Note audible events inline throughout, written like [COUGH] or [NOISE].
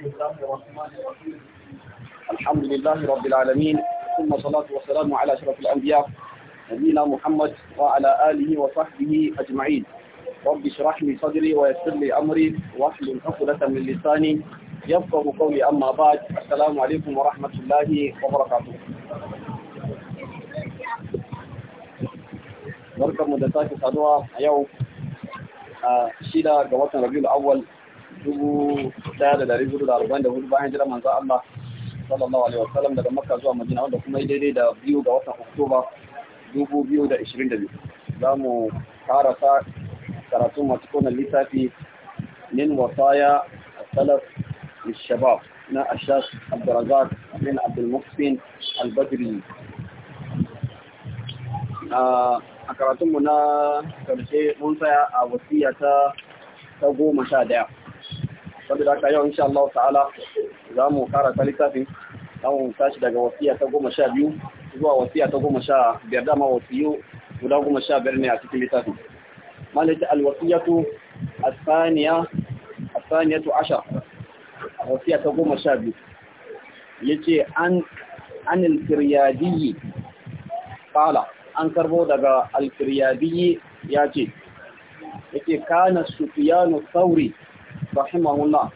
بسم الله الرحمن الرحيم الحمد لله رب العالمين ثم صلاة والسلام على أشرف الأنبياء نبينا محمد وعلى آله وصحبه أجمعين رب اشرح لي صدري ويسر لي أمري واحلل عقدة من لساني يفقه قولي أما بعد السلام عليكم ورحمة الله وبركاته barkanmu مدتاك sake أيوه، saduwa آه، شيدا قواتنا ربيل أول dubu daya da dari hudu da arba'in da hudu bayan jiran manzo Allah sallallahu alaihi wasallam daga Makka zuwa Madina wanda kuma daidai da biyu ga watan Oktoba dubu biyu da ishirin da biyu za mu karasa karatun masu konan littafi min wasaya salaf shabab na Ashas Abdurrazak bin Abdul Muhsin al a karatunmu na karshe mun tsaya a wasiya ta goma sha daya saboda haka yau insha Allah ta'ala za mu karanta littafin an mu tashi daga wasiya ta goma sha biyu zuwa wasiya ta goma sha biyar dama wasiyu guda goma sha biyar ne a cikin littafin malaka alwasiyatu الثانية الثانية عشر وفيها تقوم شابي يجي عن عن الفريادي قال عن كربو دقى Ya ce يجي كان السفيان sauri. رحمه الله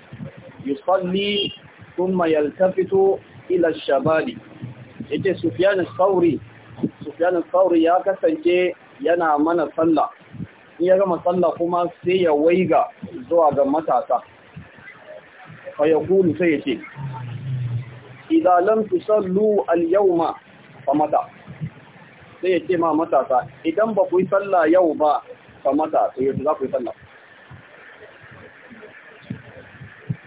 يصلي ثم يلتفت إلى الشباب yace Sufyan al-Thawri ya kasance yana mana sallah in ya gama sallah kuma sai ya waiga zuwa ga matasa fa yaqulu sai yace idza lam tusallu al-yawma fa mata sai ma matasa idan ba sallah yau ba fa za sallah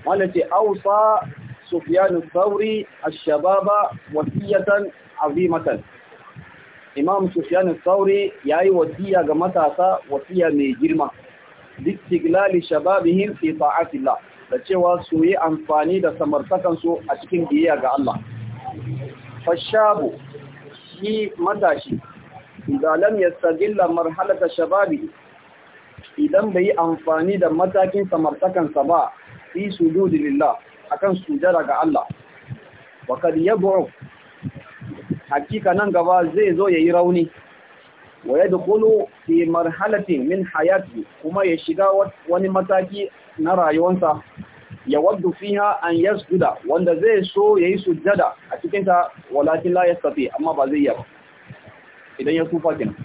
wanda ausa sufyanu sauri ashababa wasiyatan azimatan imam sufyanu sauri yi wasiya ga matasa wasiya mai girma bittiglali shababihim fi ta'atillah da cewa su yi amfani da samartakansu a cikin biyayya ga Allah fashabu shi matashi idan lam yastagilla marhalata shababi idan bai amfani da matakin samartakansa ba fi sujudi lillah akan sujada ga Allah wa kad yab'u hakika nan gaba zai zo yayi rauni wa yadkhulu fi marhalatin min hayati kuma ya shiga wani mataki na rayuwarsa ya waddu fiha an yasjuda wanda zai so yayi sujada a cikin ta walakin la yastati amma ba zai yi idan ya kufa kin.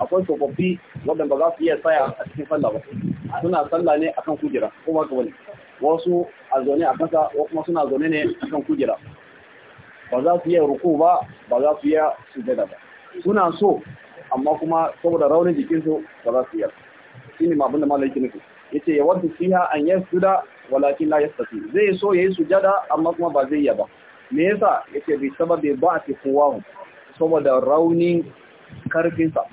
akwai tsofaffi wadanda ba za su iya tsaya a cikin sallah ba suna sallah ne akan kujera ko ba ka bane wasu a zaune a kasa ko kuma suna zaune ne akan kujera ba za su yi ruku ba ba za su yi sujada ba suna so amma kuma saboda raunin jikinsu ba za su yi shi ne mabin da malaki nufi ya ce ya wadda fiha an yi walakin la yastati zai so ya yi sujada amma kuma ba zai yi ba me yasa ya ce bai ba a fi kowa saboda raunin karfinsa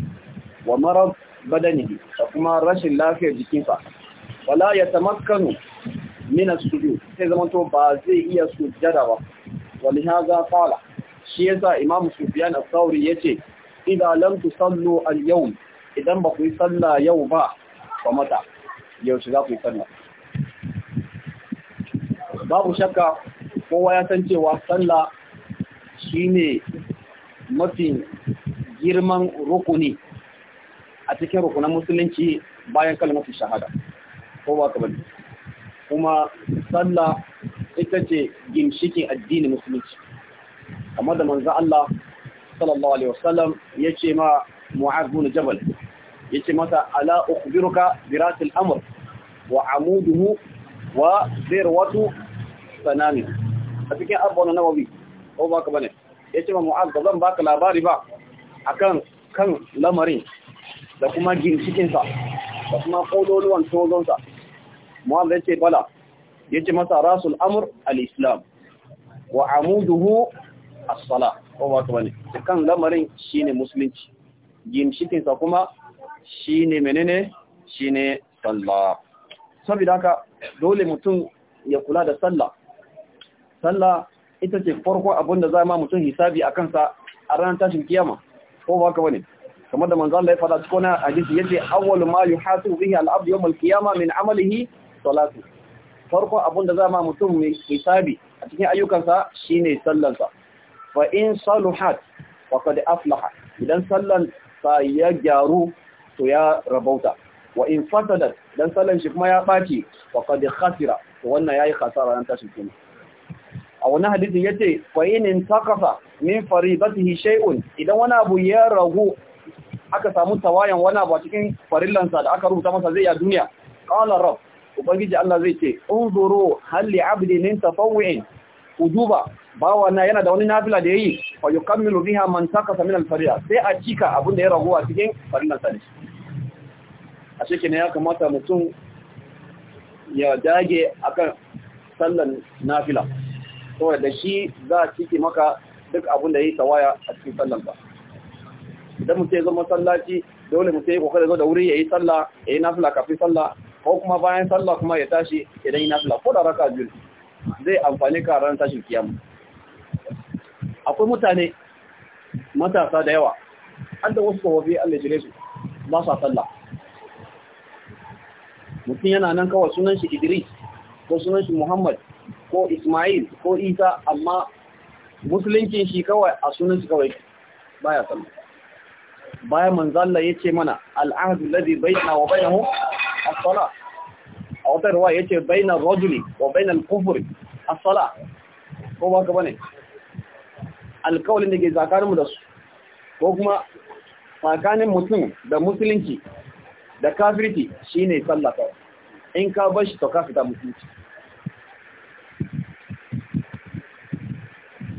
wa marar badanihi da kuma rashin lafiyar jikinsa wala ya tamakkanu min as-sujud sai zaman to ba zai iya sujjada ba wani haza fala shi yasa imam sufyan as-sauri yace idza lam tusallu al-yawm idan ba ku yi sallah yau ba ba mata yau shi za ku yi sallah babu shakka kowa ya san cewa sallah shine mafi girman rukuni a cikin rukunan musulunci bayan kalmatu shahada ko ba ka bane kuma sallah ita ce ginshikin addini musulunci kamar da manzo Allah sallallahu alaihi wasallam yace ma Mu'adh bin Jabal yace masa ala ukhbiruka bi rasil amr wa amuduhu wa zirwatu sanami a cikin abubuwan nawawi ko ba ka bane yace ma Mu'adh ba zan baka labari ba akan kan lamarin da kuma ginshikinsa da kuma kololuwan tozonsa ya ce bala ce masa rasul Amur al-islam wa amuduhu as ko ba ta kan lamarin shine musulunci ginshikinsa kuma shine menene shine sallah saboda haka dole mutum ya kula da sallah sallah ita ce farko abinda za ma mutum hisabi a kansa a ranar tashin kiyama ko ba ka wani kamar da manzo Allah ya fada cikin hadisi yace awwalu ma yuhasu bihi al-abd yawm al-qiyamah min amalihi salatu farko abun da zama mutum mai hisabi a cikin ayyukansa shine sallansa fa in saluhat faqad aflaha idan sallan sa ya gyaru to ya rabauta wa in fasadat dan sallan shi kuma ya baci faqad khasira to wannan yayi khasara nan tashi kuma a wani hadisi yace fa in intaqafa min faribatihi shay'un idan wani abu ya ragu aka samu tawayan wani abu a cikin farillansa da aka rubuta masa zai yi a duniya qala rabb ubangiji Allah zai ce in zoro halli abdi min tafawwu'in ujuba bawa na yana da wani nafila da yayi fa yukammilu biha man takasa min al-farida sai a cika abin da ya rago a cikin farillansa ne a cikin ya kamata mutum ya dage akan sallan nafila saboda shi za a cike maka duk abin da yayi tawaya a cikin sallan ba idan mutum ya zo masallaci dole mutum ya kokari zo da wuri ya yi sallah ya yi nafila kafin sallah ko kuma bayan sallah kuma ya tashi idan yi nafila ko da raka biyu zai amfani ka ran tashin kiyama akwai mutane matasa da yawa an da wasu kowafi Allah jire su ba sa sallah mutum yana nan kawai sunan shi Idris ko sunan shi Muhammad ko Ismail ko Isa amma musulunci shi kawai a sunan shi kawai baya sallah bayan manzo Allah ce mana Ladi bai na wa hu a tsala a wata ruwa bai na rajuli wa bai na kufr a salah ko ba ka bane alkawalin da ke tsakaninmu da su ko kuma tsakanin mutum da musulunci da kafirci shine ne kawai in ka bar shi to ka fita musulunci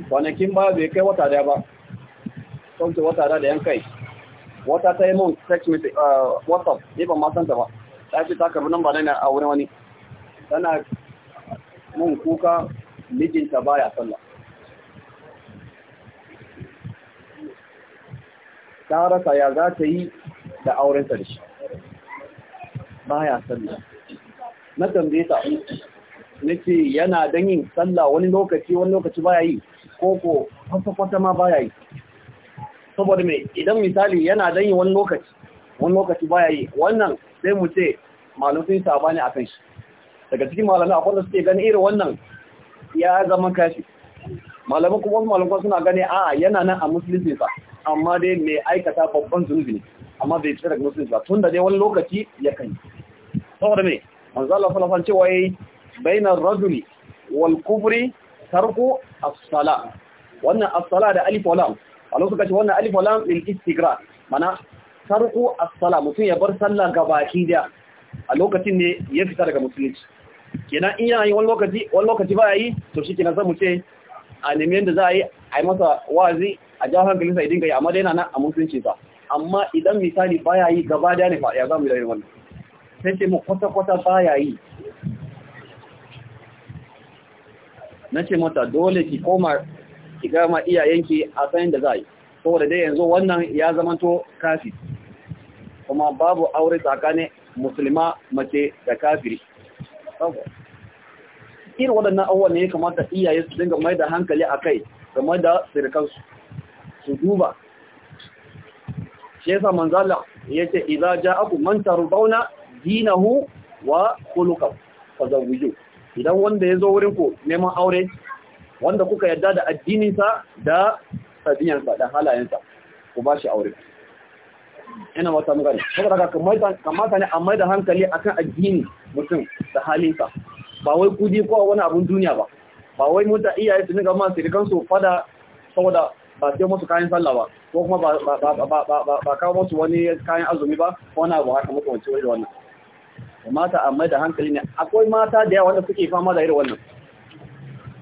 kwanakin ba bai kai wata daya ba kwanci wata da yan kai wata ta yi mun text message uh, whatsapp ne ban masan san ta ba ta ce ta karbi ba na a wurin wani tana mun kuka mijinta ba ya sallah ta rasa ya za ta yi da auren ta da shi ya sallah na tambaye ta ce yana dan yin sallah wani lokaci wani lokaci ya yi ko ko kwata-kwata ma ya yi saboda mai idan misali yana dan yi wani lokaci wani lokaci baya yi wannan sai mu ce malamai sun a akan shi daga cikin malamai akwai da suke gani irin wannan ya zama kashi malamai kuma malamai suna gani a yana nan a musulunci sa amma dai mai aikata babban zunubi ne amma bai tsira daga musulunci ba tun da dai wani lokaci ya kan yi saboda me manzo Allah sallallahu alaihi cewa yayi bainar rajuli wal kufri tarku as-sala wannan as-sala da alif wa lam wani suka ce wannan alif walam lil istigra mana sarku as-sala mutum ya bar sallah gabaki da a lokacin ne ya fita daga musulunci kenan in yana yi wani lokaci wani lokaci ba yi to shi kenan zamu mu ce a nemi yadda za a yi a yi masa wazi a ja hankalin sai idin ga amma dai yana nan a musulunci sa amma idan misali baya yi gaba da ne fa ya zamu yi wannan sai ce mu kwata kwata baya yi na ce mata dole ki koma ki gama iyayenki a sanin da za yi da dai yanzu wannan ya zamanto kafi kuma babu aure tsakanin musulma mace da kafiri irin waɗannan awon ne kamata iyaye su dinga mai da hankali a kai game da sirkansu su duba shi yasa manzala yace idza ja'akum man tarbauna dinahu wa khuluquhu fazawwiju idan wanda yazo wurin ku neman aure wanda kuka yadda da addininsa da tabiyansa da halayensa ku ba shi aure ina wata magana saboda ka kamata ne a mai da hankali akan addini mutum da halinsa ba wai kudi ko wani abun duniya ba ba wai mutum iyaye su niga masu rikan su fada saboda ba sai musu kayan sallah ba ko kuma ba kawo musu wani kayan azumi ba ko wani abu haka muka wance wani wannan mata a mai da hankali ne akwai mata da yawa wanda suke fama da irin wannan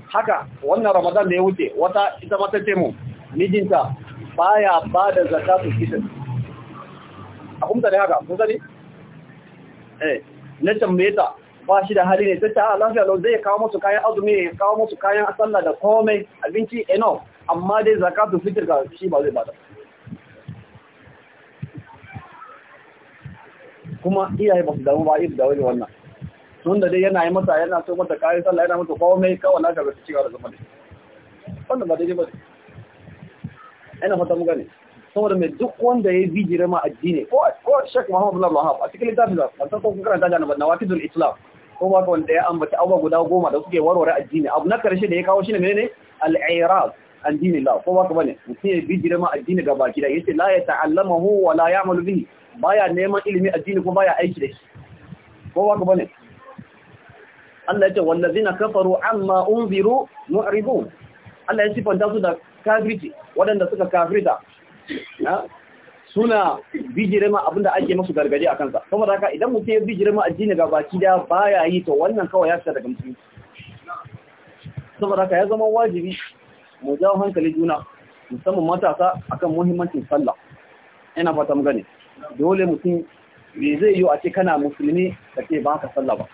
haka wannan ramadan da ya wuce wata ita mata ce mu mijinta baya ba da zakatu kitin a kuma da haka kun sani eh na tambaye ta ba shi da hali ne ta ta ah, lafiya lau zai kawo musu kayan azumi ya kawo musu kayan sallah da komai abinci eno. amma dai zakatu fitar ga shi ba zai bada kuma iyaye ba su damu ba iya da wani wannan tun da dai yana yi mata yana so mata kayan sallah yana mata komai kawai na gaba ci gaba da zama dai wannan ba daidai ba ina fata mu gane saboda mai duk wanda ya bi jirama addini ko ko Sheikh Muhammad bin Abdullah a cikin littafin da san ko karanta da na Watidul Islam ko ba ka wanda ya ambata abubuwa guda goma da suke warware addini abu na karshe da ya kawo shine menene al-i'rad an dini Allah ko ba ka bane mutum ya bi jirama addini ga baki da yace la ya ta'allamahu wa la ya'malu bihi baya neman ilimi addini ko baya aiki da shi ko ba ka bane Allah ya ce wallazina kafaru amma unziru mu'ridun Allah ya sifanta su da kafirci waɗanda suka kafirta suna bijire ma abinda ake musu gargaje a kansa da haka idan mutum ya bijire ma addini ga baki da baya yi to wannan kawai ya fita daga mutum saboda haka ya zama wajibi mu jawo hankali juna musamman matasa kan muhimmancin sallah ina fata mu gane dole mutum me zai yi a ce kana musulmi ce ba ka sallah ba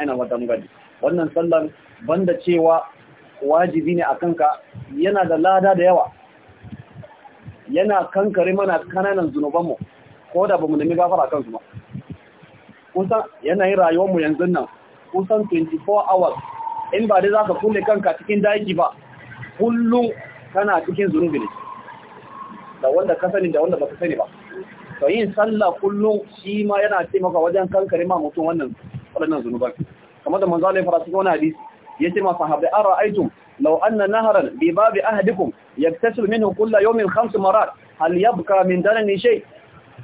ana matangadi wannan sallan banda cewa wajibi ne a kanka yana da lada da yawa yana kankare mana kananan zunubanmu ko da ba mu nemi gafara kansu ba kusan yanayin rayuwarmu yanzu nan kusan 24 hours in ba dai za ka kulle kanka cikin daiki ba kullum kana cikin zunubi ne da wanda ka sani da wanda ba ka sani ba to yin sallah kullum shi ma yana taimaka wajen kankare ma mutum wannan waɗannan zunuban kamar da manzo Allah ya fara cikin wani hadisi yace ma sahabbai ara'aytum law anna naharan bi babi ahadikum yaktasil minhu kull yawmin khams marat hal yabqa min darani shay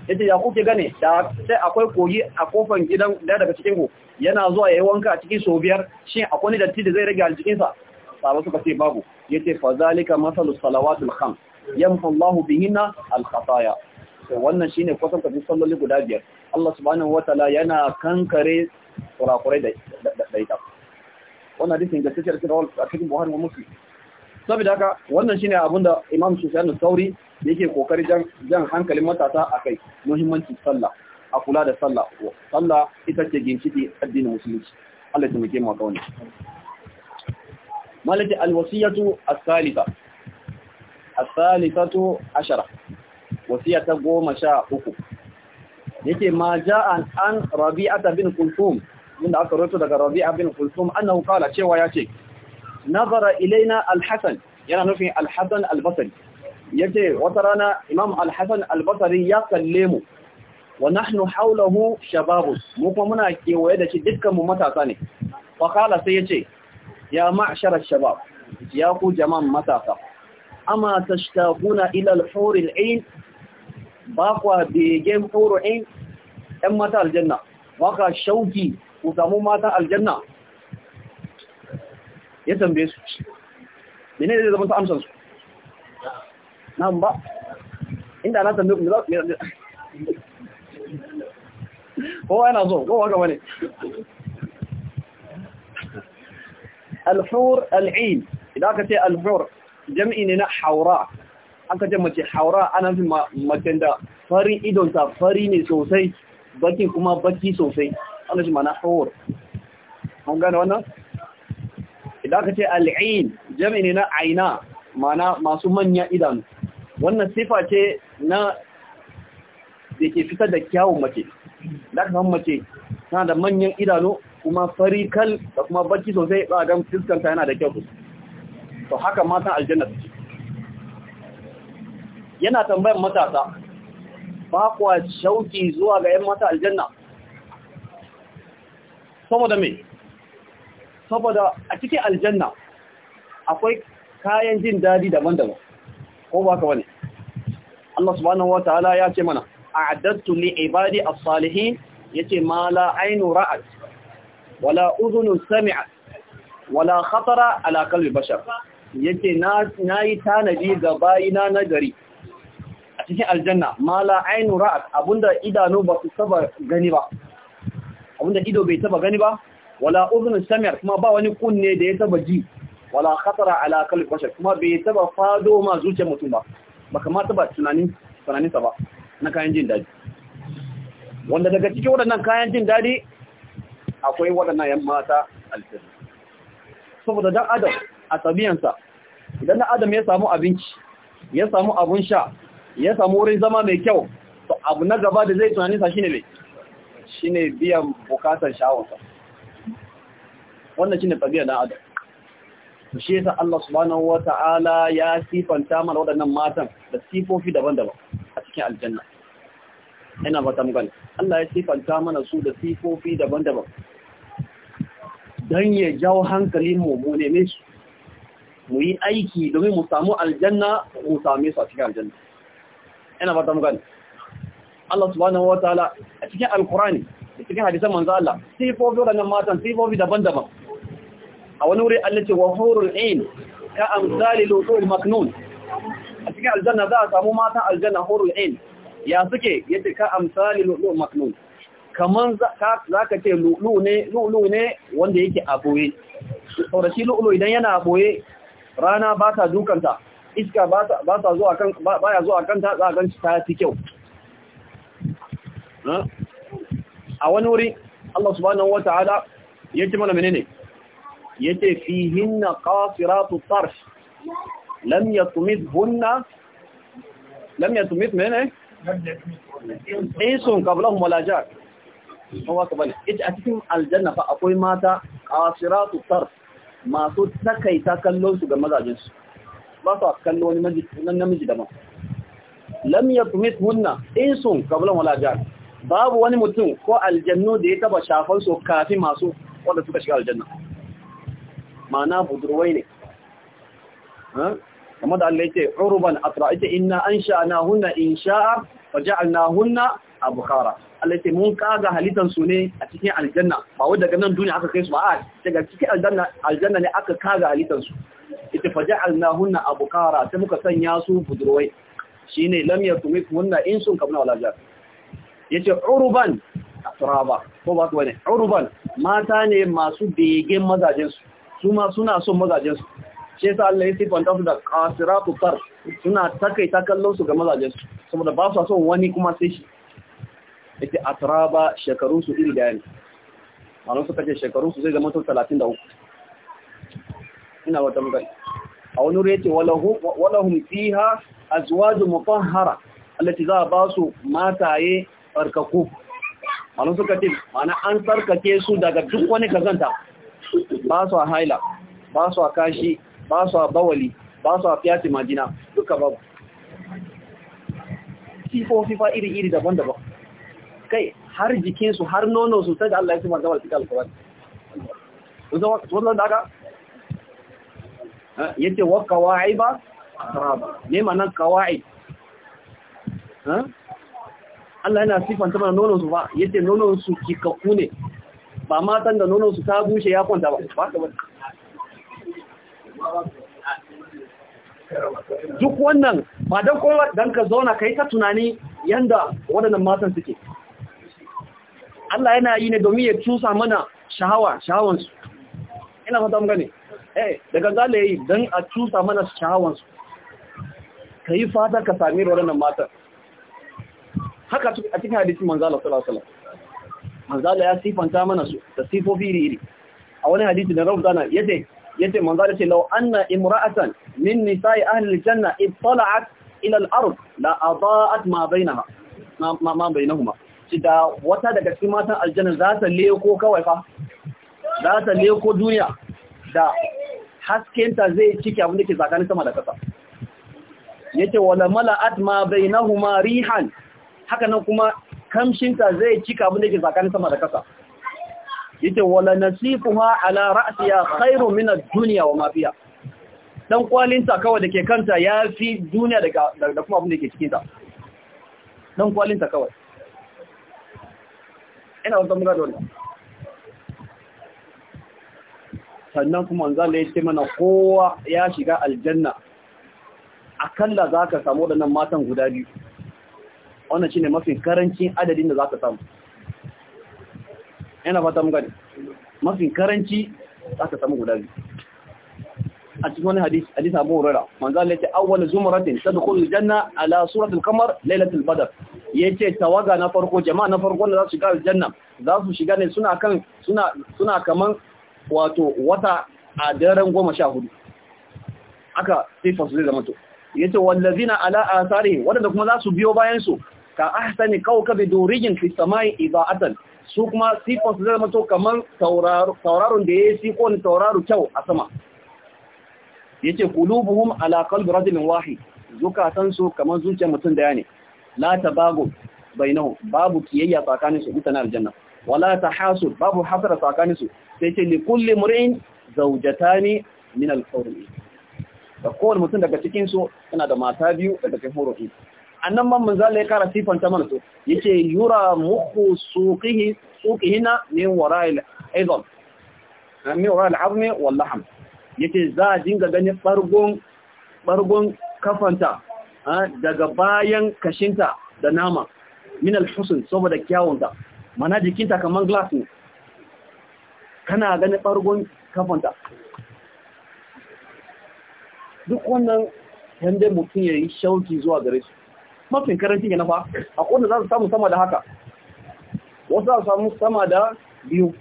yace ya kuke gane da sai akwai kogi a kofan gidan da daga cikin ku yana zuwa yayi wanka a cikin so biyar shin akwai ni datti da zai rage aljikin sa sabo suka ce babu yace fa zalika masalu salawatul Kham. yamhu Allahu bihinna al khataya wannan shine kwatankwacin salloli guda biyar Allah subhanahu wataala yana kankare kurakurai da ita wannan hadisin da take cikin a cikin Buhari wa Muslim saboda haka wannan shine abin da Imam Sufyan Sauri yake kokari jan jan hankalin matasa akai muhimmanci sallah a kula da sallah sallah ita ce ginshiki addinin musulunci Allah ya muke mu wani. malaki alwasiyatu as-salisa ashara wasiyata goma sha uku yake ma ja'a an rabi'ata bin kulthum inda aka rawaito daga rabi'a bin kulthum annahu qala cewa yace nazara ilaina al-hasan yana nufin al-hasan al-basri yace wata rana imam al-hasan al-basri ya kalle mu wa nahnu hawlahu shababu mu kuma muna kewaye da shi dukkan mu matasa ne fa qala sai yace ya ma'shar shara shabab ya ku jama'an matasa amma tashtaquna ila al-hur al-ain ba kwa begen ɗan mata aljanna waka shauki ku samu mata aljanna ya tambe su mene zai zama ta amsar su nan ba inda na tambe ku kowa yana zo kowa gaba ne aka ce alfur كنت ne na haura, aka ce mace haura ana fi macen da farin idonta fari ne sosai baki kuma baki sosai wannan shi mana hawar an gane wannan idan ka ce al'in jami ne na aina mana masu manya idanu wannan sifa ce na da ke fitar da kyawun mace da ka san mace tana da manyan idanu kuma farikal da kuma baki sosai ba don fiskanta yana da kyau to haka matan aljanna su ce yana tambayar matasa ba kuwa shauki zuwa ga 'yan mata aljanna saboda me saboda a cikin aljanna akwai kayan jin dadi daban-daban ko ba ka wani Allah subhanahu wa ta'ala ya ce mana a'adattu li ibadi as ya yace ma la ainu wala uzunun sami'a. wala khatara ala bashar. bashar yace na yi tanadi ga bayina na gari cikin aljanna mala ainu ra'at abunda idanu ba su saba gani ba abunda ido bai saba gani ba wala uzunu samir kuma ba wani kunne da ya saba ji wala khatara ala qalbi bashar kuma bai saba fado ma zuciyar mutum ba ba kamata ba tunanin tunanin sa ba na kayan jin dadi wanda daga cikin waɗannan kayan jin dadi akwai waɗannan yan mata aljanna saboda dan adam a tabiyansa idan dan adam ya samu abinci ya samu abun sha ya samu wurin zama mai kyau to abu na gaba da zai tunanin sa shine mai shine biyan bukatar shawarsa wannan shine tabiya dan adam shi yasa Allah subhanahu wata'ala ya sifanta mana waɗannan matan da sifofi daban-daban a cikin aljanna ina ba ta mugan Allah ya sifanta mana su da sifofi daban-daban don ya jawo hankali mu mu neme su mu yi aiki domin mu samu aljanna mu same su a cikin aljanna ina ba ta mugani Allah subhanahu wataala a cikin alkurani da cikin hadisan manzo Allah sifofi wannan matan sifofi daban-daban a wani wuri Allah ce wa hurul ain ka amsali lutul maknun a cikin aljanna za a samu matan aljanna hurul ain ya suke yace ka amsali lutul maknun kaman zaka ce lulu ne lulu ne wanda yake a boye saboda shi lulu idan yana a'boye, rana ba ta dukanta iska ba sa zuwa kan ba ya zuwa kan ta gan ta fi kyau a wani wuri Allah subhanahu wata'ala yace mana menene yace fihinna qasiratu tarf lam yatmithunna lam yatmith menene insun qablahum wala jar kuma ka bane ita a cikin aljanna fa akwai mata qasiratu tarf masu takaita kallon su ga mazajinsu ba sa kallo wani namiji daban lam yatmis hunna insun qablan wala jan babu wani mutum ko aljannu da ya taba shafan su kafin masu wanda suka shiga aljanna ma'ana budurwai ne kamar da Allah yake urban atra'ita ita inna ansha'nahunna insha'a waja'alnahunna abkhara Allah ce mun kaga halitan su ne a cikin aljanna ba wai daga nan duniya aka kai su ba a daga cikin aljanna aljanna ne aka kaga halitan su ita faja'alnahunna abukara sai muka sanya su budurwai shine lam yatumithunna insun kamna wala jar yace uruban atraba ko ba ko ne uruban mata ne masu begen mazajen su su ma suna son mazajen su shi yasa Allah ya sifanta su da qasiratu tar suna takaita kallon su ga mazajen su saboda ba su son wani kuma sai shi ita atraba shekaru shekarun su iri dayani. ne suka ce shekarun su zai zama tun talatin da uku ina wata mugari a wani wuri yake walahun fiha azwaju mutahhara allati za a ba su mataye farkaku malon suka ce mana an sarkake su daga duk wani kazanta ba su a haila ba su a kashi ba su a bawali ba su a fiyati majina duka babu sifofi fa iri-iri daban-daban kai har jikinsu har nono su sai da Allah ya su margaba cikin alkawar wannan da aka eh, ce wa kawai ba ne ma nan kawai eh? Allah yana sifanta mana nono su ba ce nono su kikakku ne ba matan da nono su ta bushe ya kwanta ba ba ka ba duk wannan ba don kowa don ka zauna ka yi ta tunani yanda waɗannan matan suke Allah yana yi ne domin ya cusa mana shahawa shahawansu ina fata mun gane eh daga zale yi don a cusa mana shahawansu Ka yi fata ka sami wannan mata haka a cikin hadisi Manzala Allah sallallahu alaihi wasallam manzo ya sifanta mana su da sifofi iri a wani hadisi da rawu dana yace yace Manzala Allah ce law anna imra'atan min nisa'i ahli al-janna ittala'at ila al-ard la adaa'at ma bainaha ma bainahuma da wata daga cikin matan aljanna za ta leko kawai fa za ta leko duniya da haskenta zai cike abin da ke tsakanin sama da ƙasa yace wala mala'at ma bainahuma rihan haka nan kuma kamshinta zai cika abin da ke tsakanin sama da ƙasa yace wala nasifuha ala ra'siha khairu min ad-dunya wa ma fiha dan kwalinta kawai da ke kanta yafi duniya da da kuma abin da ke cikin ta dan kwalinta kawai ina wata muna da wani, sannan kuma manzo Allah ya ce mana kowa ya shiga aljanna akalla ka samu waɗannan matan guda biyu wannan shi ne mafi karancin adadin da za ka samu ina fata mun gani mafi karanci za ka samu guda biyu a cikin wani hadisi hadisi Abu rara manzo Allah yace awwal zumratin tadkhulu janna ala suratul qamar lailatul badr yace tawaga na farko jama'a na farko da za su shiga aljanna za su shiga ne suna kan suna suna kaman wato wata a daren 14 aka sifar su zama to yace wallazina ala athari wadanda kuma za su biyo bayan su ka ahsani kawkabi durijin fi samai ida'atan su kuma sifa su zai zama to tauraron da yayi sifon tauraro kyau a sama yace qulubuhum ala qalbi rajulin wahid zukatan su kamar zuciyar mutum daya ne la bainahu babu kiyayya tsakanin su mutana aljanna wala tahasud babu hasara tsakanin su sai ce li kulli mur'in zawjatani min al da kowane mutum daga cikin su yana da mata biyu daga cikin annan man manzala ya kara sifan ta su yace yura muku suqihi suqihina min wara'il aidan min wara'il azmi wal lahm yake za a dinga ganin ɓargon kafanta daga bayan kashinta da nama min al saboda kyawunta mana jikinta kamar glass ne kana ganin ɓargon kafanta duk wannan yanda mutum ya yi shauki zuwa gare su mafin karanci ga nafa. a kodin za su samu sama da haka wasu za su samu sama da biyu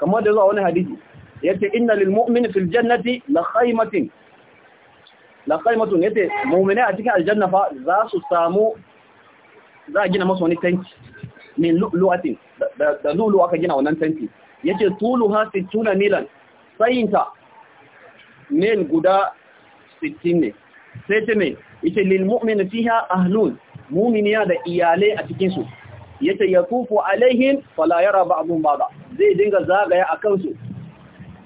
kamar da zuwa wani hadisi yace inna lil mu'mini fil jannati la khaymatin la khaymatun yace mu'mina a cikin aljanna fa za su samu za a gina masa wani tanki min lu'lu'atin da lulu aka gina wannan tanki yace tuluha 60 milan sayinta mil guda 60 ne sai ta me yace lil mu'mini fiha ahlun mu'miniya da iyalai a cikin su yace yakufu alaihim fala yara ba'dun ba'da zai dinga zagaya akan su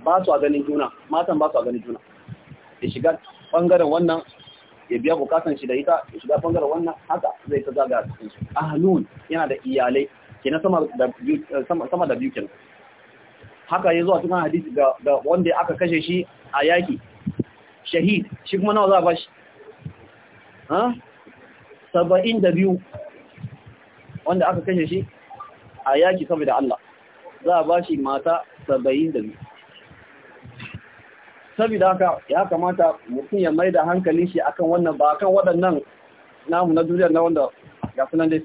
ba su a ganin juna matan ba su a ganin juna ya shiga bangaren wannan ya biya bukatan shi da ita ya shiga bangaren wannan haka zai ta zaga a cikin yana da iyalai ke na sama da biyu eh, kenan haka ya zuwa cikin hadisi ga wanda aka kashe shi a yaki shahid shi kuma nawa za a bashi ha saba'in da biyu wanda aka kashe shi a yaki saboda Allah za a bashi mata saba'in da biyu saboda haka ya kamata mutum ya mai da hankalin shi akan wannan ba akan waɗannan namu na duniya na wanda ga sunan dai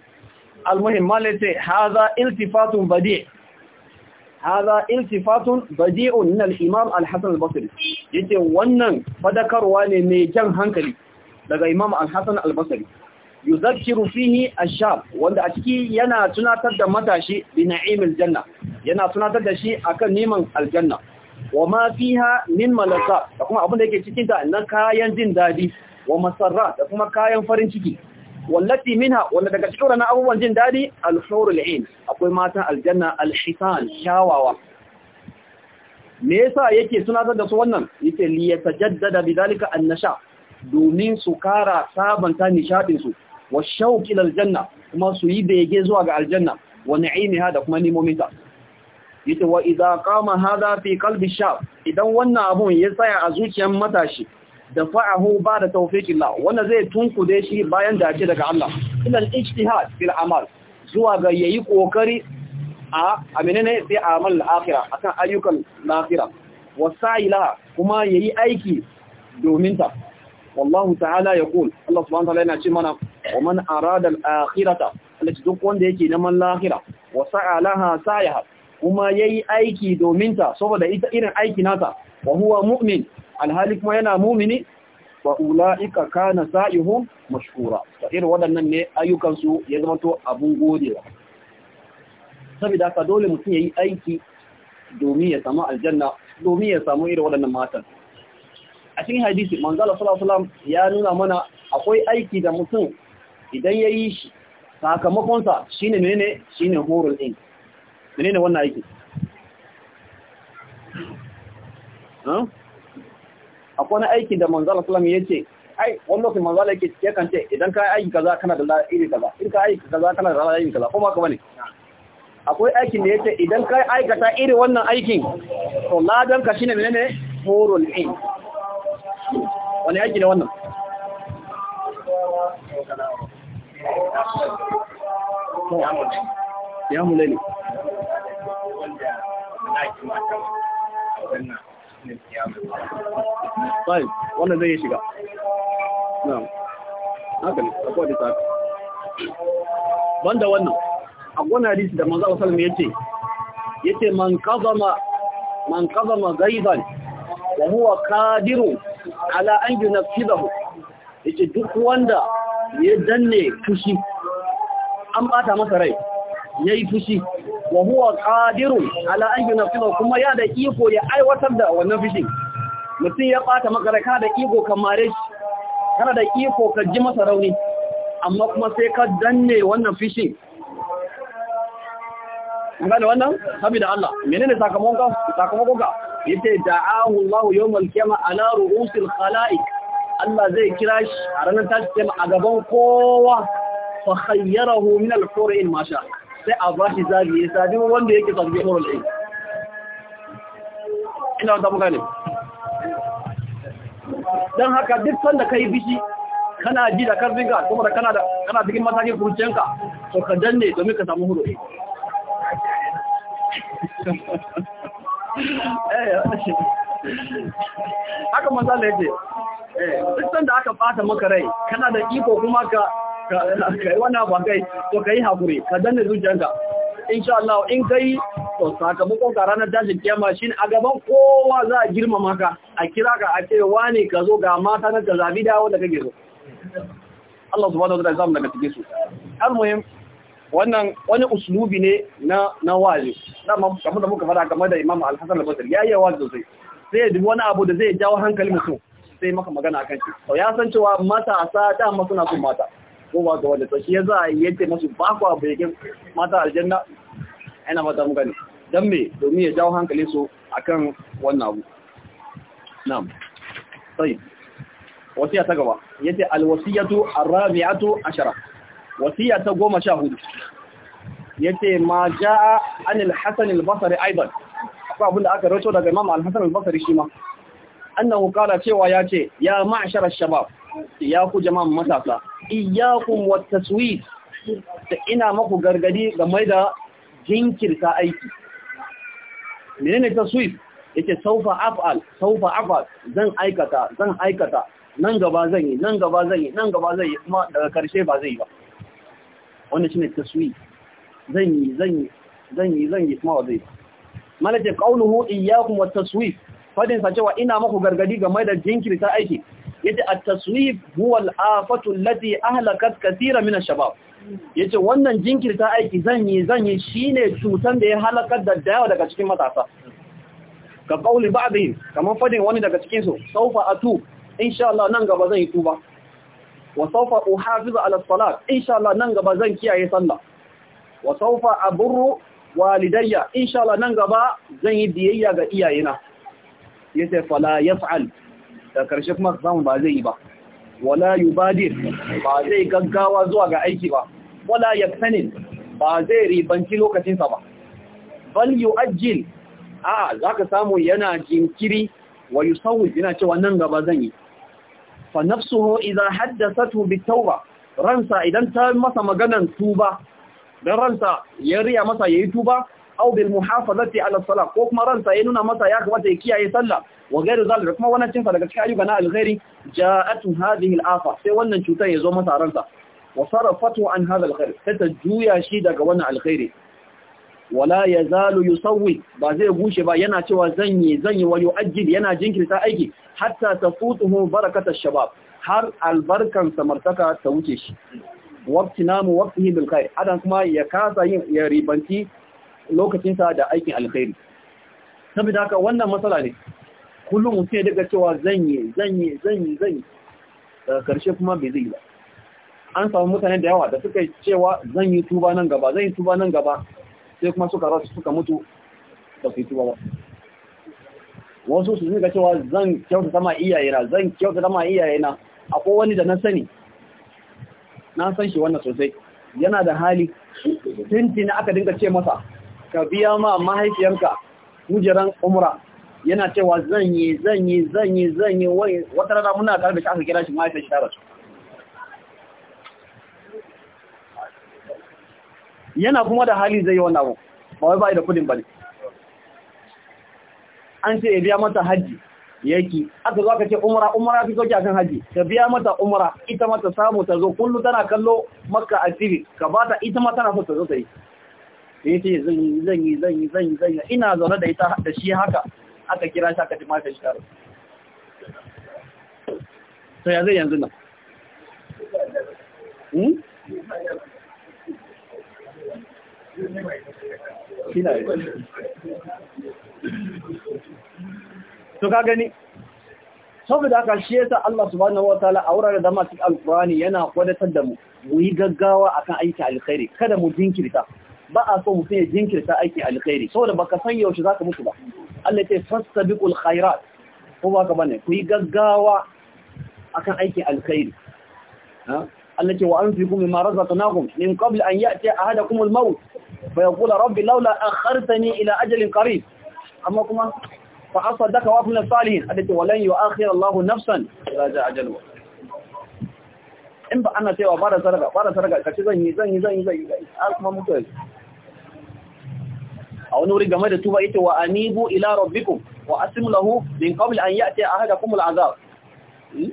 almuhim malate haza iltifatun badi haza iltifatun badi'un min al-imam al-hasan wannan fadakarwa ne mai jan hankali daga imam Alhassan al-basri yuzakkiru fihi ash-shab wanda a ciki yana tunatar da matashi bi na'imil janna yana tunatar da shi akan neman aljanna wa ma ha min malaka da kuma abin da yake cikin ta na kayan jin daɗi wa masarra da kuma kayan farin ciki wallati minha wanda daga cikin wannan abubuwan jin daɗi? al ain akwai matan aljanna al shawawa me yasa yake tunatar da su wannan yake li jaddada bidalika an annasha. domin su kara sabanta nishadin su wa shauqi lil janna kuma su yi bege zuwa ga aljanna wa na'imiha da kuma nimominta yace wa idza qama hadha fi qalbi shab idan wannan abun ya tsaya a zuciyar matashi da fa'ahu ba da tawfiqillah wannan zai tunkude shi bayan dace daga Allah ila al-ijtihad fil amal zuwa ga yayi kokari a aminene fi amal al-akhirah akan ayyukan al-akhirah wasaila kuma yayi aiki domin ta wallahu ta'ala yaqul Allah subhanahu wa ta'ala yana ce mana wa man arada al-akhirata alladhi duk wanda yake neman al-akhirah wa sa'alaha sa'yaha kuma yayi aiki domin ta saboda ita irin aiki nata wa huwa mu'min alhali kuma yana mu'mini fa ulaika kana sa'ihum mashkura to irin waɗannan ne ayyukansu ya zama to abun godewa saboda ka dole mutum yi aiki domin ya samu aljanna domin ya samu irin waɗannan matan a cikin hadisi manzala sallallahu ya nuna mana akwai aiki da mutum idan yayi shi sakamakonsa shine menene shine horul din menene wannan aiki akwai wani aikin da manzala sallam ya ce ai wani lokacin manzala yake ya kan ce idan ka aiki kaza kana da iri kaza in ka aiki kaza kana da iri kaza kuma ka bane akwai aikin da ya ce idan ka aikata iri wannan aikin to ladan ka shine menene horul in wani aiki ne wannan ya mulai ne ɗakin mata a wannan ne kiyamun sai wannan zai shiga na'am haka ne akwai da tafi banda wannan a wani hadisi da manzo sallallahu alaihi wasallam yace yace man qazama man qazama ghaiban wa huwa qadirun ala an Ya ce duk wanda ya danne fushi an bata masa rai yayi fushi wa huwa qadirun ala an yunfiza kuma ya da iko ya aiwatar da wannan fushin mutum ya bata makaraka da iko mare shi kana da iko ka ji masa rauni amma kuma sai ka danne wannan fushin gane wannan saboda Allah menene sakamakon sakamakon ka yace da'ahu Allah yawmal qiyamah ala ru'usil khalaiq Allah zai kira shi a ranar tashi a gaban kowa fa khayyarahu min al-qur'an masha Allah sai a ba shi zabi ya sami wanda yake sabbi horon ɗin ina wata muka ne don haka duk sanda ka yi bishi kana ji da ka kuma da kana cikin matakin kurciyanka to ka danne domin ka samu huro [LAUGHS] eh, haka matsala ya ce eh, duk sanda aka bata maka rai kana da iko kuma ka kai wannan ba kai to kai hakuri ka danna zuciyanka insha Allah in kai to sakamakon ka ranar tashin kiyama shine a gaban kowa za a girmama ka a kira ka a ce wani ka zo ga mata na ka zabi dawo da kake so Allah subhanahu wa ta'ala zamu daga cikin su almuhim wannan wani uslubi ne na na wazi da kamar da muka fara kamar da Imam Al-Hasan Al-Basri yayi wazi sosai sai duk wani abu da zai jawo hankalin mutum sai maka magana akan shi to ya san cewa matasa dama suna son mata ko ba ga wanda to shi yasa yace masu ba ku abin mata aljanna ina mata muka ne don me domin ya jawo hankali su akan wannan abu na'am sai wasiya ta gaba Ya yace alwasiyatu arabi'atu ashara wasiya ta goma sha hudu Ya ce ma jaa anil hasan al aidan akwai abin da aka rawaito daga imam Alhassan Albasari shi ma annahu qala cewa ce ya ma'ashara shabab ya ku jama'a matasa iyyakum wa taswid da ina maku gargadi game da jinkirta aiki menene taswid yake saufa af'al saufa af'al zan aikata zan aikata nan gaba zan yi nan gaba zan yi nan gaba zan yi kuma daga karshe ba zai yi ba wannan shine taswid zan yi zan yi zan yi zan yi kuma ba zai yi malaka qawluhu iyyakum wa taswid fadin cewa ina maku gargadi game da jinkirta aiki yace at-taswif huwa al-afatu allati ahlakat katira min ash-shabab yace wannan jinkirta aiki zanyi zanyi shine cutan da ya halakar da dawo daga cikin matasa ka kauli ba'dhi kamar fadin wani daga cikin su saufa atu insha Allah nan gaba zan yi tuba wa saufa uhafizu ala salat insha Allah nan gaba zan kiyaye sallah wa saufa aburu walidayya insha Allah nan gaba zan yi biyayya ga iyayena yace fala yaf'al da karshe kuma Samun ba zai yi ba wala yubadir ba zai gaggawa zuwa ga aiki ba wala sanin ba zai ribanci lokacinsa ba bal ajjil a zaka samu yana jinkiri wa yusawwif yana cewa nan gaba zan yi fa nafsuhu haddasa haddathathu bitawba ransa idan ta masa maganan tuba dan ransa ya riya masa yayi tuba aw bil muhafazati ala salat ko kuma ransa ya nuna masa ya kamata ya kiyaye sallah wa ghairu zalika kuma wannan cin daga cikin ayyuka na alkhairi ja'atu hadhihi al'afa sai wannan cutar ya zo masa ransa wa sarafatu an hadha alkhair sai ta juya shi daga wannan alkhairi wala yazalu yusawwi ba zai gushe ba yana cewa zanyi zanyi wa yu'ajjil yana jinkirta aiki hatta tafutuhu barakatash shabab har albarkan samartaka ta wuce shi waqti namu waqtihi bil khair adan kuma ya kasa yin ya ribanci lokacinsa da aikin alkhairi saboda haka wannan matsala ne kullum mutum ya daga cewa zanyi zanyi zanyi zanyi daga karshe kuma bai zai ba an samu mutane da yawa da suka cewa zan yi tuba nan gaba zan yi tuba nan gaba sai kuma suka rasu suka mutu da su yi tuba ba wasu su zika cewa zan kyauta sama iyayena zan kyauta sama iyayena akwai wani da na sani na san shi wannan sosai yana da hali tintin aka dinga ce masa ka biya ma mahaifiyarka kujeran umra yana cewa zan yi zan yi zan yi zan yi wani wata rana muna tare da shi aka kira shi mahaifin shara su yana kuma da hali zai yi wannan abu ba wai bai da kudin bane an ce ya biya mata haji yaki aka zo aka ce umara umara fi soki akan hajji. ka biya mata umara ita mata samu ta zo kullu tana kallo makka a tv ka bata ita mata na so ta zo ta yi da ya ce zan yi zan yi zan yi zan yi zan yi ina zaune da ita da shi haka aka kira shi aka ji shi karo to ya zai yanzu nan hmm? to ka gani saboda haka shi yasa Allah subhanahu wataala a wurare da masu Alƙur'ani yana kwadatar da mu mu yi gaggawa akan aiki alkhairi kada mu jinkirta ba a so mutum ya jinkirta aiki alkhairi saboda baka san yaushe zaka mutu ba Allah ya ce fastabiqul khairat ko ba ka bane ku yi gaggawa akan aikin alkhairi Allah ce wa anfiqu mimma razaqnakum min qabl an ya'ti ahadakum al-maut fa yaqulu rabbi laula akhartani ila ajalin qarib amma kuma fa asadaka wa min salihin Allah ce walan yu'akhir Allah nafsan idza ja'a ajaluha in ba ana cewa ba da sarga ba da sarga kace zan yi zan yi zan yi zan yi kuma mutuwa a wani wuri game da tuba yace wa anibu ila rabbikum wa aslimu lahu min qabl an ya'ti ahadakum al'azab hmm?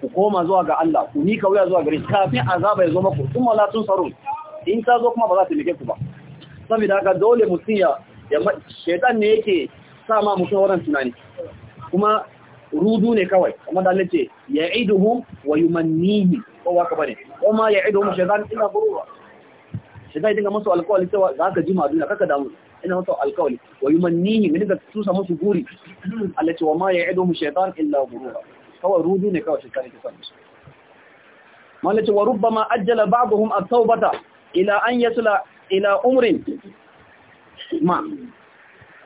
ku koma zuwa ga Allah ku ni kawai zuwa gare shi kafin azaba ya zo maku kuma la tun sarun in ta zo kuma ba za ta nike ku ba saboda haka dole musiya ya shedan ne yake sa ma mutum wannan tunani kuma rudu ne kawai kuma da Allah ce ya'iduhum wa yumannihi ko waka bane kuma shedan shaitan burura gurura shaitan dinga musu alƙawari cewa za ka ji ma duniya kaka damu ina masa alkawali wa yumannihi min da tusa musu guri Allah ce wa ma ya ya'iduhu shaytan illa gurura. kawai rudu ne kawai shaytan ke samu mala ce wa rubbama ajjala ba'dhum at-taubata ila an yasla ila umrin ma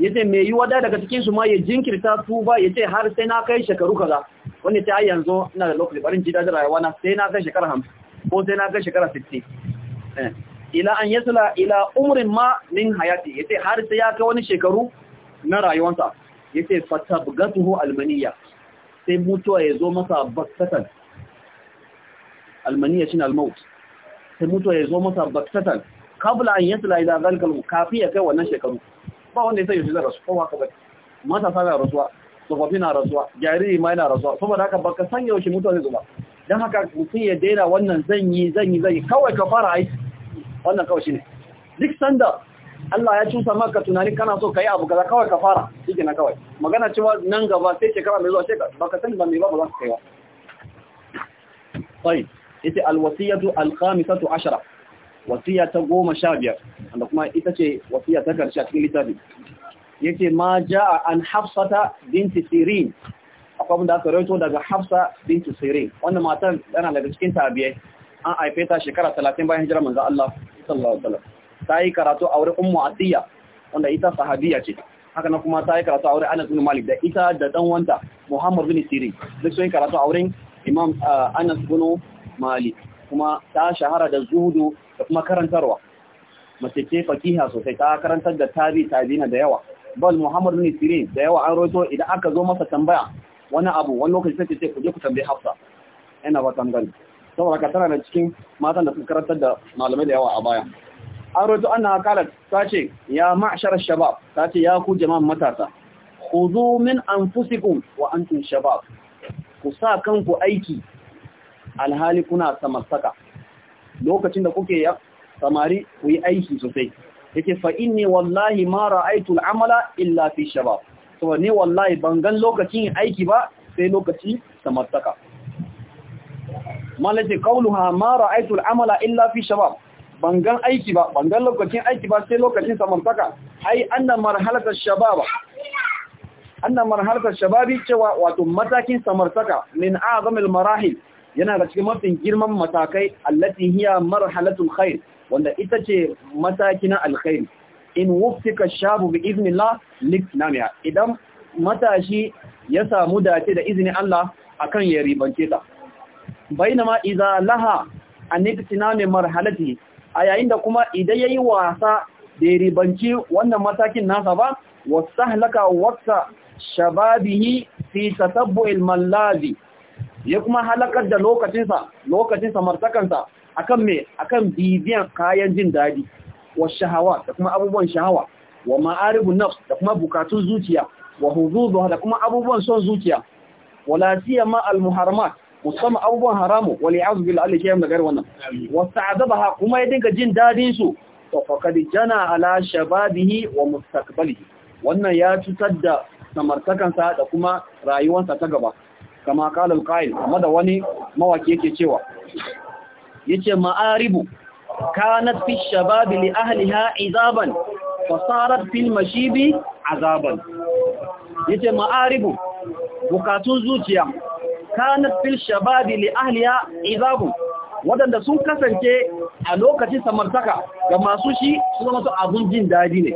Ya ce me yi wada daga cikin su ma ya jinkirta su ba? Ya ce har sai na kai shekaru kaza wanda ta yanzu ina da lokaci barin ji rayuwa na sai na kai shekara hamsin ko sai na kai shekara 60 ila an yasla ila umrin ma min hayati yace har sai ya kai wani shekaru na rayuwarsa yace fatabgatuhu almaniya sai mutuwa ya zo masa baktatan almaniya shine almaut sai mutuwa ya zo masa baktatan kabla an yasla ila zalika kafi ya kai wannan shekaru ba wanda yasa yushi rasu kowa ka bari matasa na rasuwa tsofaffi na rasuwa jariri ma yana rasuwa saboda haka baka san yaushe mutuwa zai zo ba dan haka mutum ya daina wannan zan yi zan yi zan yi kawai ka fara aiki wannan kawai ne, duk sanda Allah ya cuta maka tunanin kana so kai abu kaza kawai ka fara shike na kawai magana cewa nan gaba sai shekara mai zuwa shekara baka sani ba me ba ba za ka kai ba طيب ita alwasiyatu alkhamisatu ashara wasiya ta goma sha biyar wanda kuma ita ce wasiya ta karshe a cikin littafi yace ma jaa an hafsata binti sirin akwai abin da aka rawaito daga hafsa binti sirin wannan matan tana daga cikin tabi'ai an haife ta shekara talatin bayan hijira manzo Allah sallallahu alaihi wasallam ta yi karatu a wurin ummu asiya wanda ita sahabiya ce haka na kuma ta yi karatu a wurin Anas bin Malik da ita da dan wanta Muhammad bin Sirin duk sun karatu a wurin Imam ah, Anas bin Malik kuma ta shahara da zuhudu da kuma karantarwa mace ce fakiha sosai ta karantar da tabi tabina da yawa bal Muhammad bin Sirin da yawa an roto idan aka zo masa tambaya wani abu wani lokaci sai ce ku je ku tambaye Hafsa ina ba tambaye saboda ka tana da cikin matan da suka karantar da malamai da yawa a baya an roto annaha qalat ta ce ya ma'shar shabab ta ce ya ku jama'an matasa zo min anfusikum wa antum shabab ku sa kanku aiki alhali kuna samartaka lokacin da kuke ya samari ku yi aiki sosai yake fa inni wallahi ma ra'aytu amala illa fi shabab to ne wallahi ban gan lokacin aiki ba sai lokaci samartaka malaje qauluha ma ra'aytu amala illa fi shabab bangan aiki ba bangan lokacin aiki ba sai lokacin samartaka ai anna marhalatul shababa anna marhalatul shababi cewa wato matakin samartaka min azamil marahil yana da cikin mafin girman matakai allati hiya marhalatul khair wanda ita ce mataki na alkhair in wuffika shabu bi iznillah liknamiya idan matashi ya samu dace da izinin Allah akan ya ribance ta bainama idza laha an iktinami marhalati a yayin da kuma idan yayi wasa da ribanci wannan matakin nasa ba wasahlaka waqta shababihi fi tatabbu'il mallazi ya kuma halakar da lokacinsa lokacin sa akan me akan bibiyan kayan jin dadi wa shahawa da kuma abubuwan shahawa wa ma'aribun nafs da kuma bukatun zuciya wa huzuzu da kuma abubuwan son zuciya wala siyama al muharramat musamman abubuwan haramu wali azbil alikiyar da gari wannan wasu azabaha kuma ya dinka jin daɗin su to faqad jana ala shababihi wa mustaqbalihi wannan ya cutar da samartakansa da kuma rayuwarsa ta gaba kama qala al-qa'il da wani mawaki yake cewa yace ma'aribu kanat fi shababi li ahliha izaban fasarat fil mashibi azaban yace ma'aribu bukatun zuciya kanat fil shababi li ahliya, izabu wadanda sun kasance a lokacin samartaka ga masu shi su zama su abun jin dadi ne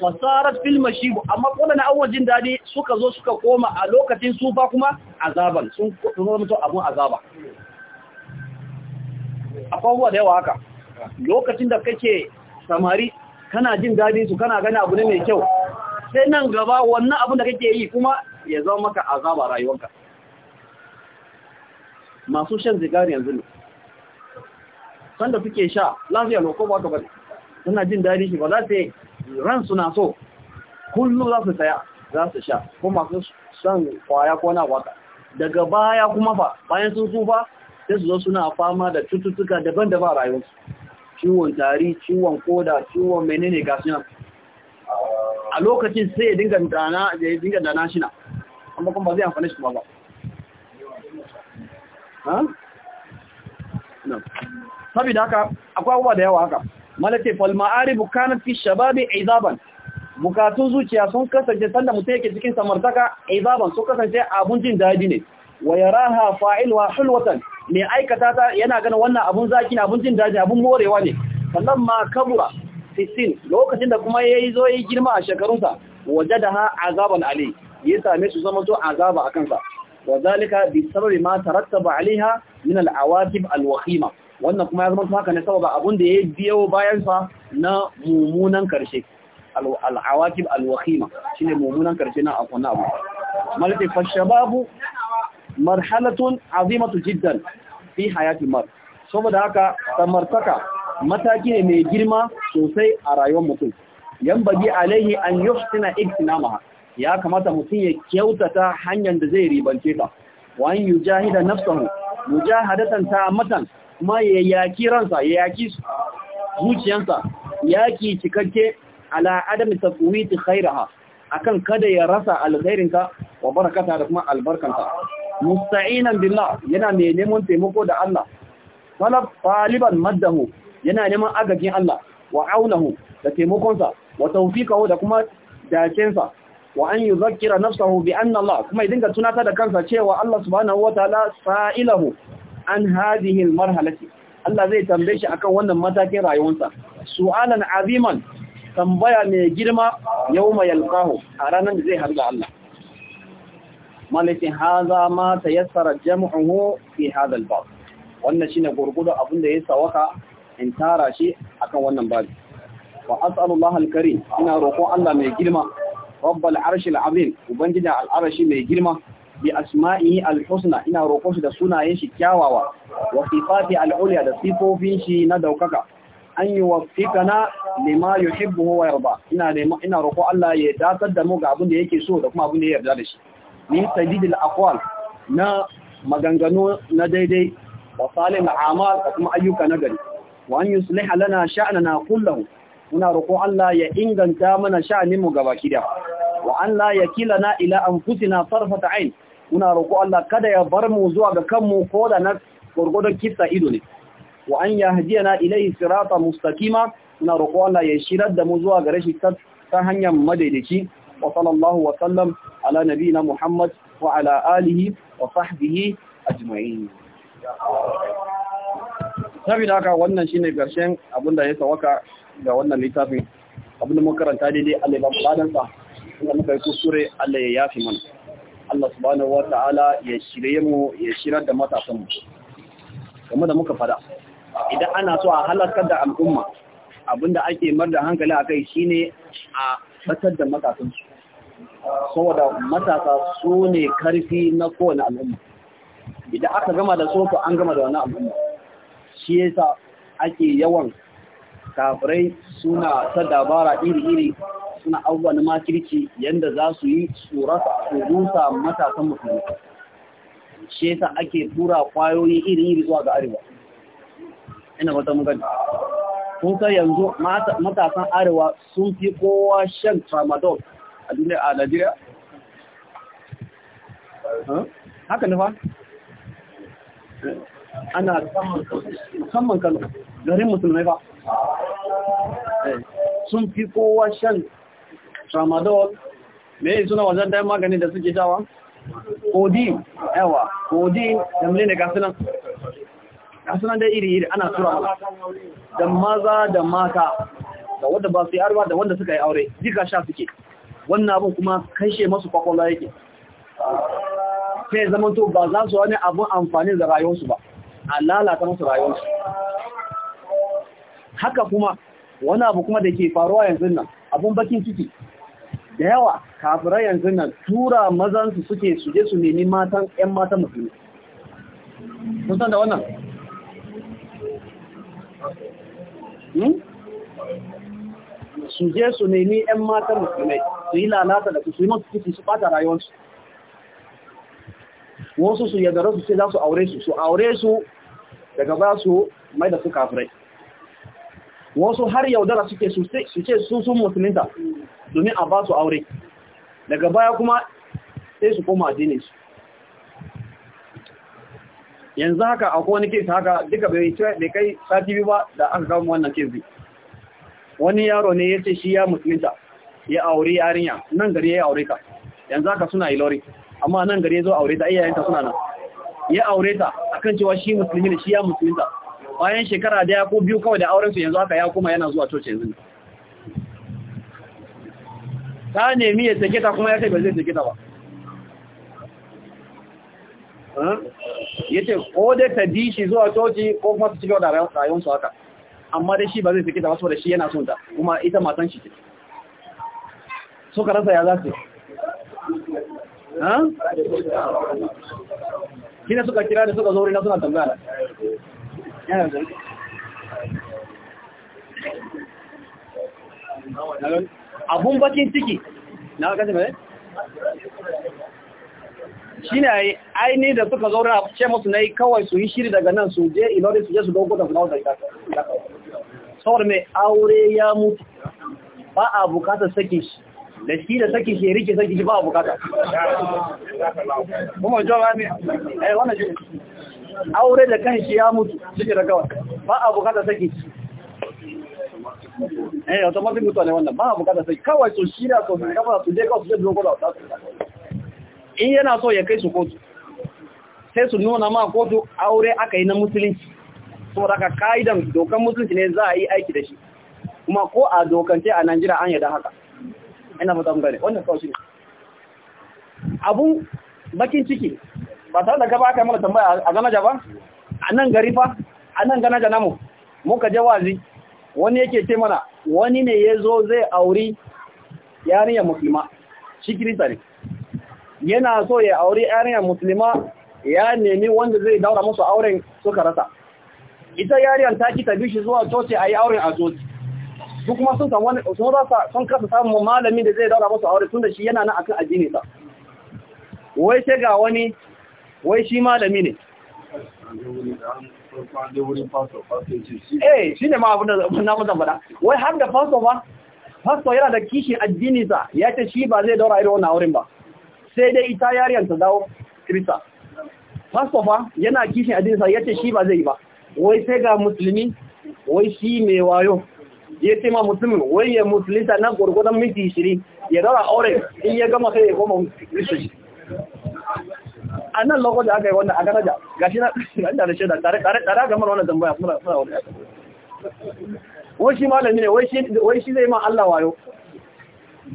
fasarat fil mashib amma kuma na jin dadi suka zo suka koma a lokacin sufa kuma azaban sun zama su abun azaba akwai da yawa haka lokacin da kake samari kana jin dadin su kana gani abu ne mai kyau sai nan gaba wannan abun da kake yi kuma ya zama maka azaba rayuwarka masu shan zigari yanzu ne sanda suke sha lafiya loko ba bari suna jin daɗi shi ba za su ran suna so kullum za su saya za su sha ko masu shan kwaya ko na waka daga baya kuma fa bayan sun tsufa sai su zo suna fama da cututtuka daban-daban a rayuwarsu ciwon tari ciwon koda ciwon menene ga suna a lokacin sai ya dinga dana ya dinga shina amma kuma ba zai amfani shi ba Sabida haka akwai abubuwa da yawa haka malake falma'ari bukanar fi shababi izaban bukatun zuciya sun kasance sanda mutum yake cikin samartaka izaban sun kasance abun jin daji ne wa yaraha fa'ilwa hulwatan mai aikata ta yana ganin wannan abun zaki abun jin daji abun morewa ne sannan ma kabura 15 lokacin da kuma yayi zo yayi girma a shekarunsa da ha azaban ali ya same su zama to azaba a kansa. wa zalika bi sababi ma tarattaba alaiha min al-awaqib al-wakhima wannan kuma ya zama haka ne saboda abun da ya yi biyo bayan sa na mumunan karshe al-awaqib al-wakhima shine mumunan karshe na akwana abu malaka fa shababu marhalatun azimatu jiddan fi hayati mar saboda haka samartaka mataki ne mai girma sosai a rayuwar mutum yan bagi alaihi an yuhsina iktinamaha ya kamata mutum ya kyautata hanyar da zai ribance ta wa an yujahida nafsahu mujahadatan matan kuma ya yaki ransa ya yaki zuciyarsa yaki cikakke ala adam tafwiti khairaha akan kada ya rasa alkhairinka wa barakata da kuma albarkanta musta'inan billah yana mai neman taimako da Allah talab taliban maddahu yana neman agajin Allah wa aunahu da taimakonsa wa tawfiqahu da kuma dacensa wa an yuzakkira nafsahu bi anna Allah kuma ya dinga tunata da kansa cewa Allah subhanahu wataala sa'ilahu an hadhihi almarhalati Allah zai tambaye shi akan wannan matakin rayuwarsa su'alan aziman tambaya mai girma mai yalqahu a ranar da zai harga Allah malakin haza ma tayassara jam'uhu fi hadal albab wannan shine gurgudu da ya sawaka in tara shi akan wannan babu wa as'alullahi alkarim ina roƙon Allah mai girma rabbal arshil azim ubangijin al'arashi mai girma bi asma'i al ina roƙon shi da sunayen shi kyawawa wa sifati al da sifofin shi na daukaka an yi waffikana lima yuhibbu wa yarda ina ina roƙo Allah ya datar da mu ga abin da yake so da kuma abin da ya yarda da shi min tajidil aqwal na maganganu na daidai wa salil a'mal da kuma ayyuka na gari wa an yuslih lana sha'nana kullahu Ina roƙo Allah ya inganta mana sha'anin mu gabaki da wa an la na ila anfusina farfata ain muna roƙo Allah kada ya bar mu zuwa ga kanmu ko da na gurgudun kisa ido ne wa an yahdiyana ilayhi sirata mustaqima muna roƙo Allah ya shirar da mu zuwa ga rashi ta hanyar madaidaici wa sallallahu wa sallam ala Muhammad wa ala alihi wa sahbihi ajma'in saboda haka wannan shine karshen abinda ya sawaka ga wannan littafin abinda muka karanta daidai Allah ya ba sa inda muka yi kuskure Allah ya yafi mana Allah subhanahu wa ta'ala ya shirye mu ya shirar da matasan mu kamar da muka fada idan ana so a halakar da al'umma abinda ake mar da hankali akai shine a batar da matasan su saboda matasa su ne karfi na kowane al'umma idan aka gama da su ko an gama da wani al'umma shi yasa ake yawan kafirai suna ta dabara iri-iri suna abubuwa na makirci yadda za su yi tsoron su rusa matasan musulmi shi yasa ake tura kwayoyi iri iri zuwa ga arewa ina wata magana kun san yanzu matasan arewa sun fi kowa shan tramadol a duniya a Najeriya haka nufa ana musamman kano garin musulmai ba eh, sun fi kowa shan tramadol me suna wajen dayan magani da suke jawa codeine yawa codeine da ne gasunan gasunan da iri-iri ana tura da maza da mata da wanda ba su yi arwa da wanda suka yi aure duka sha suke wannan abin kuma kashe masu kwakwalwa yake sai zaman to ba za su wani abin amfani da rayuwarsu ba a lalata masu rayuwarsu haka kuma wani abu kuma da ke faruwa yanzu nan abin bakin ciki da yawa kafirai yanzu nan tura mazansu suke su je su nemi matan 'yan matan musulmi kun san da wannan hmm? su je su nemi 'yan matan musulmi su yi lalata da su su yi masu ciki su fata rayuwarsu wasu su yadda su ce za su aure su su aure su daga ba su mai da su kafirai wasu har yaudara suke su ce su sun musulinta domin a ba su aure daga baya kuma sai su koma addinin su yanzu haka akwai wani kesa haka duka bai kai sati biyu ba da aka kawo wannan kesa wani yaro ne ya ce shi ya musulinta ya aure yarinya nan gari ya aure ka yanzu haka suna yi lori amma nan gari ya zo aure ta iyayenta suna nan ya aure ta akan cewa shi musulmi ne shi ya musulinta bayan shekara ya ko biyu kawai da aurensu yanzu haka ya kuma yana zuwa coci yanzu ta nemi ya sake ta kuma ya ce ba zai sake ta ba ya ce ko dai ta di shi zuwa coci ko kuma su cikin rayuwarsu haka amma dai shi ba zai sake ta ba saboda shi yana son ta kuma ita matan shi ce ka rasa ya za su Kina suka kira da suka zo na suna tambaya abun bakin ciki na kasa mai shi ne aini da suka zaura a ce musu na yi kawai su yi shiri daga nan su je ilori su je su dogo da fulawar zarga mai aure ya mutu ba a bukatar sakin shi da shi da sakin shi rike sakin shi ba a [LAUGHS] kuma eh, ne aure da kan shi ya mutu shi da kawai ba a bukata saki eh automatic mutu ne wannan ba a bukata saki kawai su shira su kafa su je kawai su je dogon da in yana so ya kai su kotu sai su nuna ma kotu aure aka yi na musulunci So aka ka'idan dokan musulunci ne za a yi aiki da shi kuma ko a dokance a Najeriya an yada haka ina fata mun gane wannan kawai shi ne abun bakin ciki ba tare da gaba aka yi mana tambaya a ganaja ba a nan gari fa a nan ganaja namu muka je wazi wani yake ce mana wani ne ya zo zai auri yarinyar musulma shi kirista ne yana so ya auri yarinyar musulma ya nemi wanda zai daura musu auren suka rasa ita yariyar ta kita tabi shi zuwa coci a yi auren a coci su kuma sun samu sun rasa sun kasa samun malami da zai daura musu aure tun da shi yana nan akan addini sa wai sai ga wani wai shi malami ne eh shi ne ma abin da na kusan faɗa wai har da fasto ba fasto yana da kishin addininsa ya ce shi ba zai daura irin wurin ba sai dai ita yariyar ta dawo krista fasto fa yana kishin addininsa ya ce shi ba zai yi ba wai sai ga musulmi wai shi mai wayo ya ce ma musulmi wai ya musulunta na gwargwadon minti shiri ya daura aure in ya gama sai ya goma a nan lokacin da aka yi wannan a garaja shi na da shaida tare tare tare ga wannan tambaya muna muna wani wai shi malami ne wai shi zai ma Allah wayo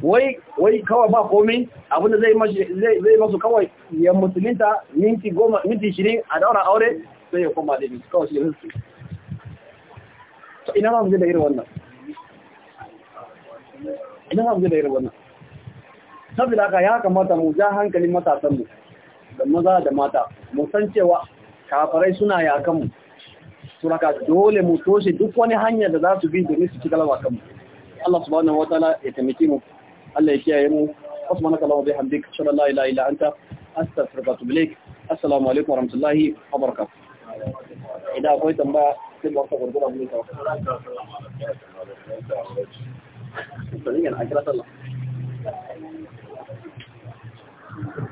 wai kawai ba komi abinda zai yi masu kawai ya musulinta minti goma minti shirin a daura aure sai ya koma da ni kawai shi rinsu to ina ma mu da irin wannan ina ma mu da irin wannan saboda ka ya kamata mu ja hankalin matasanmu da maza da mata mu san cewa kafirai suna yakan mu suraka dole mu toshe duk wani hanya da za su bi domin su ci galaba kanmu Allah subhanahu wa ta'ala ya taimake mu Allah ya kiyaye mu subhanaka allahumma bihamdika ashhadu an la ilaha illa anta astaghfiruka wa atubu ilaik assalamu alaikum wa rahmatullahi wa barakatuh idan akwai tambaya sai mu ka gurgura mu ta Thank you.